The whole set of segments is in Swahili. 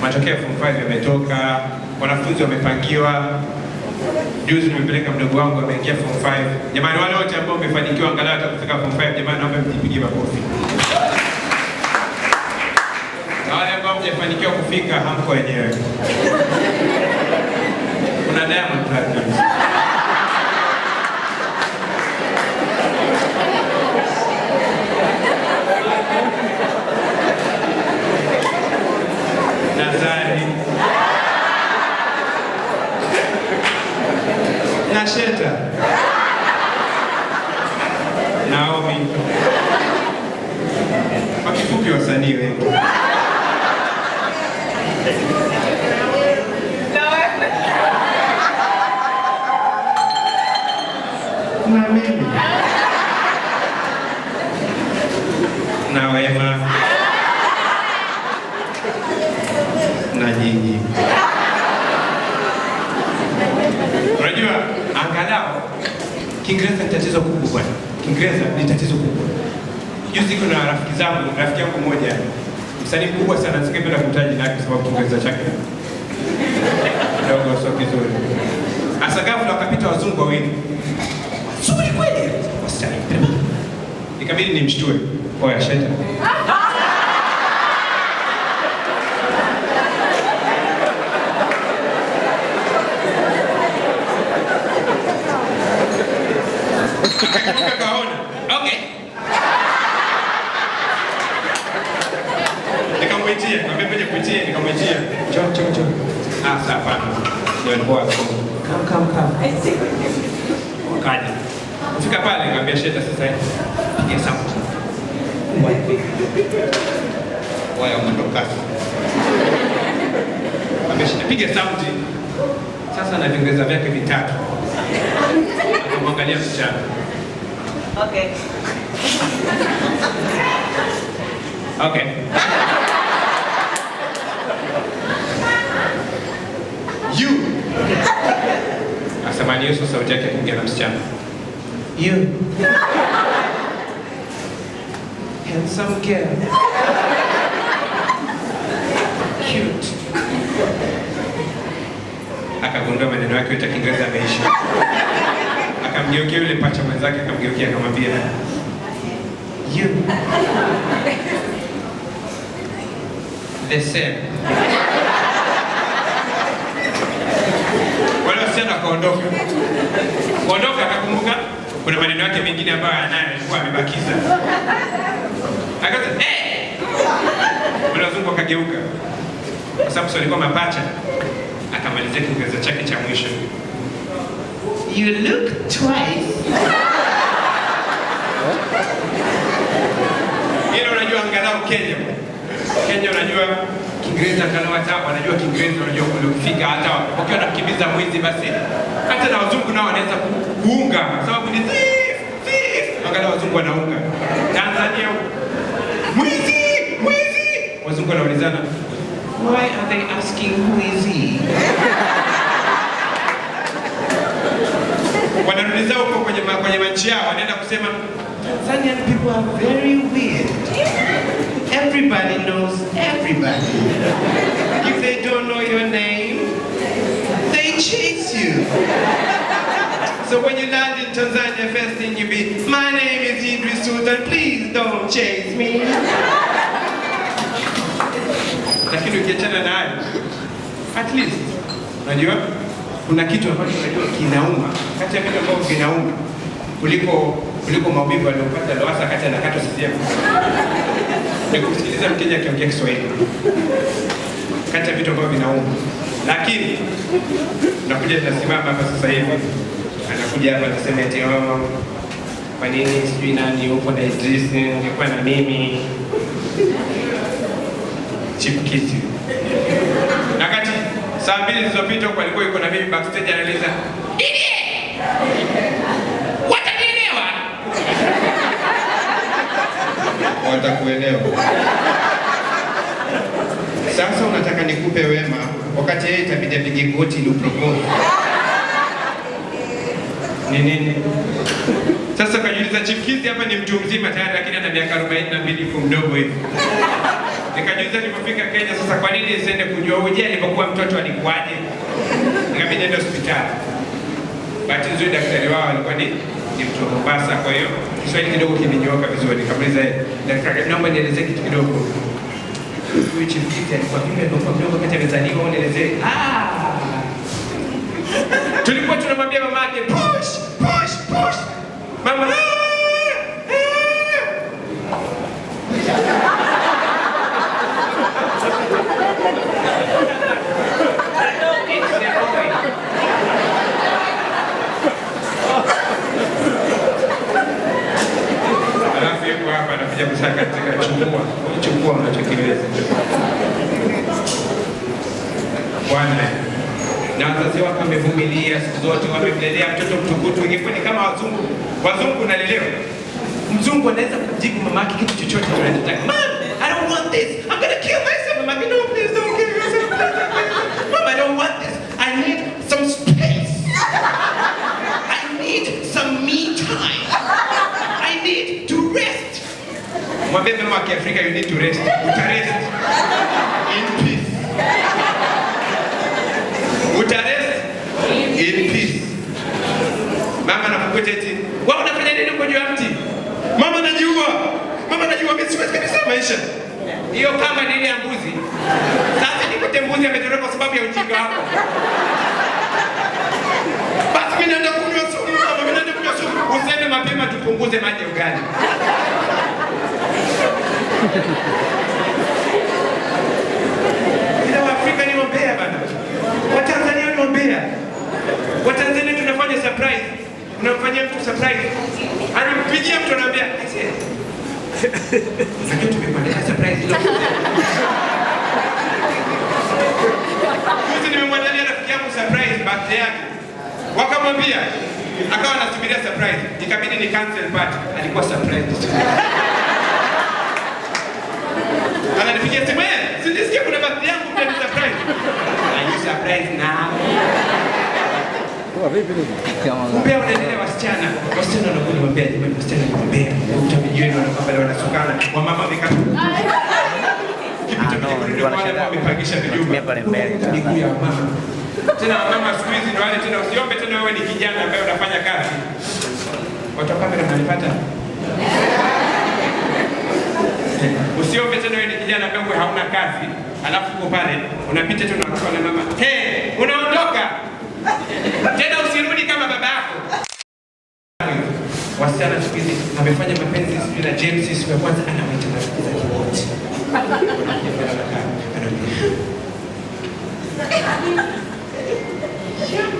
matokeo ya form 5 yametoka, wanafunzi wamepangiwa. Juzi nimepeleka mdogo wangu ameingia form 5. Jamani, wale wote ambao mmefanikiwa angalau hata kufika form 5, jamani, naomba mjipigie makofi. Na wale ambao mjafanikiwa kufika, hamko wenyewe. Kuna Diamond Platnumz fupi wasanii wengi na mimi Wema na nyinyi. Unajua, angalau Kiingereza ni tatizo kubwa. Kiingereza ni tatizo kubwa Juzi kuna rafiki zangu, rafiki yangu mmoja, msanii mkubwa sana, singependa kumtaja nake lake kwa sababu Kiingereza chake kidogo sio kizuri. Hasa ghafla wakapita wazungu wawili wazuri kweli, wasichana, ikabidi nimshtue oya, shetani pale, nikamwambia Sheta, sasa piga sauti waya mwendokasi, nikamwambia Sheta, piga sauti sasa, na vingeza vyake vitatu, kumwangalia msichana okay. Okay. You. Asamani Yesu sauti yake kuongea na msichana. You. Handsome girl. Cute. Akagundua maneno yake yote ya Kiingereza ameisha. Akamgeukia yule pacha mwenzake, akamgeukia akamwambia, You. The same. Wale wasichana Kuondoka akakumbuka kuna maneno yake mengine ambayo anayo alikuwa amebakiza, akasema eh, wale wazungu wakageuka, kwa sababu alikuwa mapacha. Akamalizia Kiingereza chake cha mwisho, you look twice Ile unajua angalau Kenya. Kenya unajua Kiingereza angalau hata wanajua Kiingereza unajua kule kufika hata wakiwa wanakimbiza mwizi basi hata na wazungu nao wanaweza ku unga, sababu ni thief thief, wakala wazungu wanaunga Tanzania mwizi mwizi, wazungu wanaulizana why are they asking who is he? wanarudiza huko kwenye kwenye machi yao, wanaenda kusema Tanzanian people are very weird. Everybody knows everybody. If they don't know your name, they chase you. So when you land in Tanzania, first thing you be, my name is Idris Sultan, please don't chase me. Lakini ukiachana na hayo, at least unajua kuna kitu ambacho unajua kinauma, kati ya vitu ambavyo vinauma kuliko kuliko maumivu aliyopata Lowassa kati anakatwa CCM ni kusikiliza Mkenya akiongea Kiswahili, kati ya vitu ambavyo vinauma. Lakini nakuja nasimama hapa sasa hivi anakuja hapa tuseme ati wao, oh, kwa nini sijui nani huko na Idris nilikuwa na mimi chipkiti na kati saa mbili zilizopita huko alikuwa yuko na mimi backstage analiza watakuelewa, watakuelewa. Sasa unataka nikupe wema wakati yeye itabidi apige goti ili upropose ni nini? Sasa kajiuliza Chief Keith hapa ni mtu mzima tayari, lakini ana miaka 42 iko mdogo hivi. Nikajiuliza nilipofika Kenya sasa, kwa nini nisiende kujua uje alipokuwa mtoto alikuwaje? Nikabidi niende hospitali. Bahati nzuri daktari wao alikuwa ni ni mtu wa Mombasa, kwa hiyo Kiswahili kidogo kimenyooka vizuri. Nikamuuliza eh, daktari, naomba nielezee kitu kidogo. Huyu Chief Keith alikuwa vipi alipokuwa mdogo, kati amezaliwa, nielezee. Ah! tulikuwa tunamwambia mamake push push push mama wote wako wamevumilia siku zote, wamemlelea mtoto mtukutu. Ingekuwa ni kama wazungu wazungu nalelewa, mzungu anaweza kujibu mama yake kitu chochote anachotaka. Mom, I don't want this. I'm kill myself. Mama no, please don't kill yourself. I don't want this. I need some space. I need some me time. I need to rest. Mwambie mama wa Kiafrika, you need to rest. Utarest. siwezi maisha hiyo, kama ni ile ya mbuzi. Sasa nikute mbuzi ametoroka kwa sababu ya ujinga wako, basi mimi naenda kunywa sumu. Kama mimi naenda kunywa sumu, useme mapema, tupunguze maji ugali. Ila Waafrika ni wambea bana, Watanzania ni wambea. Watanzania tunafanya surprise, unamfanyia mtu surprise, anampigia mtu anaambia lakini tumemwandalia surprise leo. Juzi nimemwandalia rafiki yangu surprise birthday yake. Wakamwambia akawa anasubiria surprise. ni cancel Alikuwa surprise. Ananipigia simu, "Eh, kuna birthday yangu kwa surprise." now. wasichana. Wasichana wanakuja "Jamani, wasichana pale wanasukana wamama vikao wamepangisha miguu mama tena. siku hizi ndio wale tena, usiombe tena wewe ni kijana ambaye unafanya kazi, watu kamera mnanipata. Usiombe tena wewe ni kijana ambaye hauna kazi, alafu uko pale unapita tu na mama, hey, unaondoka amefanya mapenzi sijui na James siku ya kwanza, anamwita rafiki zake wote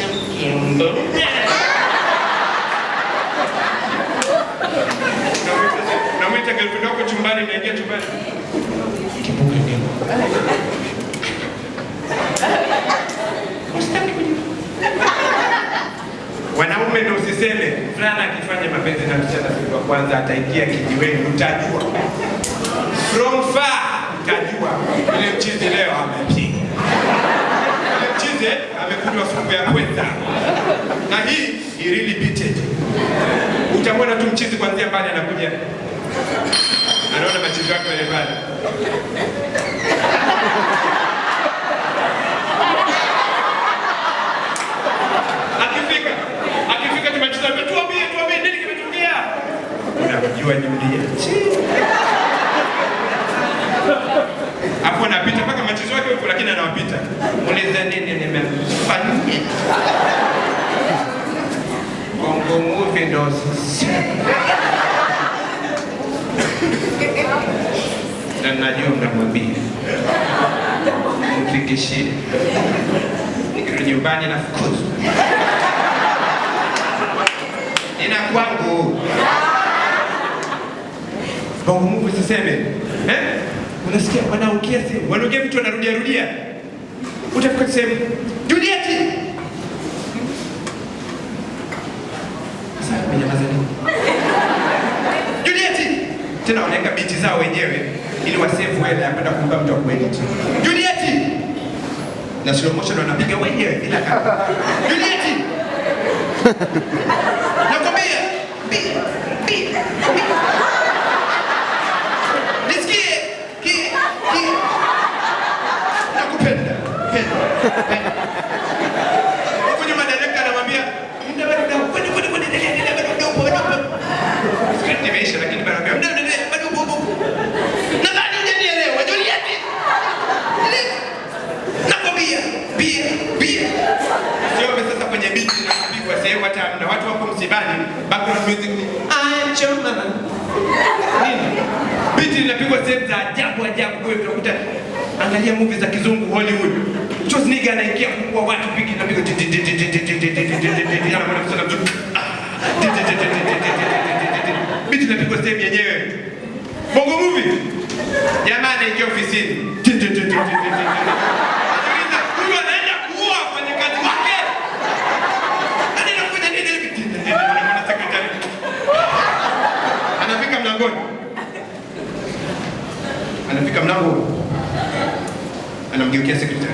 champion. Namwita girlfriend Wanaume ndio usiseme fulana akifanya mapenzi na msichana siku ya kwanza ataingia kijiweni, utajua. From far utajua. Ile mchizi leo amepiga. Ile mchizi kunywa supu ya kweta, na hii i really beat Utamwona tu mchizi kwanzia mbali anakuja, anaona machizi wake wale mbali akifika tuambie nini unamjua Gongomuvi ndo na najua mnamwambia mpigishie nikirudi nyumbani nina kwangu siseme eh? Unasikia utafika sehemu Julia tena wanaweka binti zao wenyewe ili wasevu hela ya kwenda kumpa mtu wa kuedit. Juliet na slow motion wanapiga wenyewe bila kama. Juliet nakwambia, bi bi nisikie ki ki nakupenda penda Viti vinapigwa sehemu za ajabu ajabu, kwa hiyo unakuta angalia movie za kizungu Hollywood. Schwarzenegger anaingia kwa watu piki na pigo Viti vinapigwa sehemu yenyewe. Bongo movie. Jamaa anaingia ofisini. anafika mlango, anamgeukia sekretari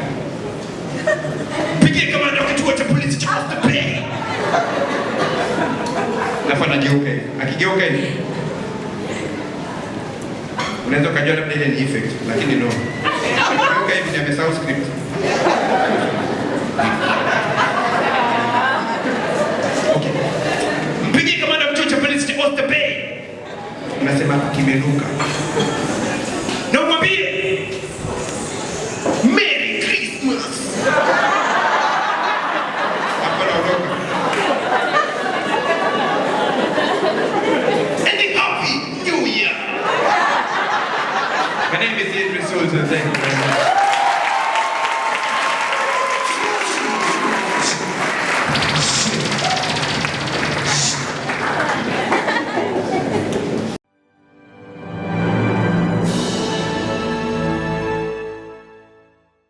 pigie kamanda wa kituo cha polisi cha Costa ah. Bay. Nafana geuka, akigeuka hivi unaweza ukajua labda ile ni effect, lakini no, geuka hivi ni amesahau script Mpigie kamanda wa kituo cha polisi cha Costa Bay, unasema kimenuka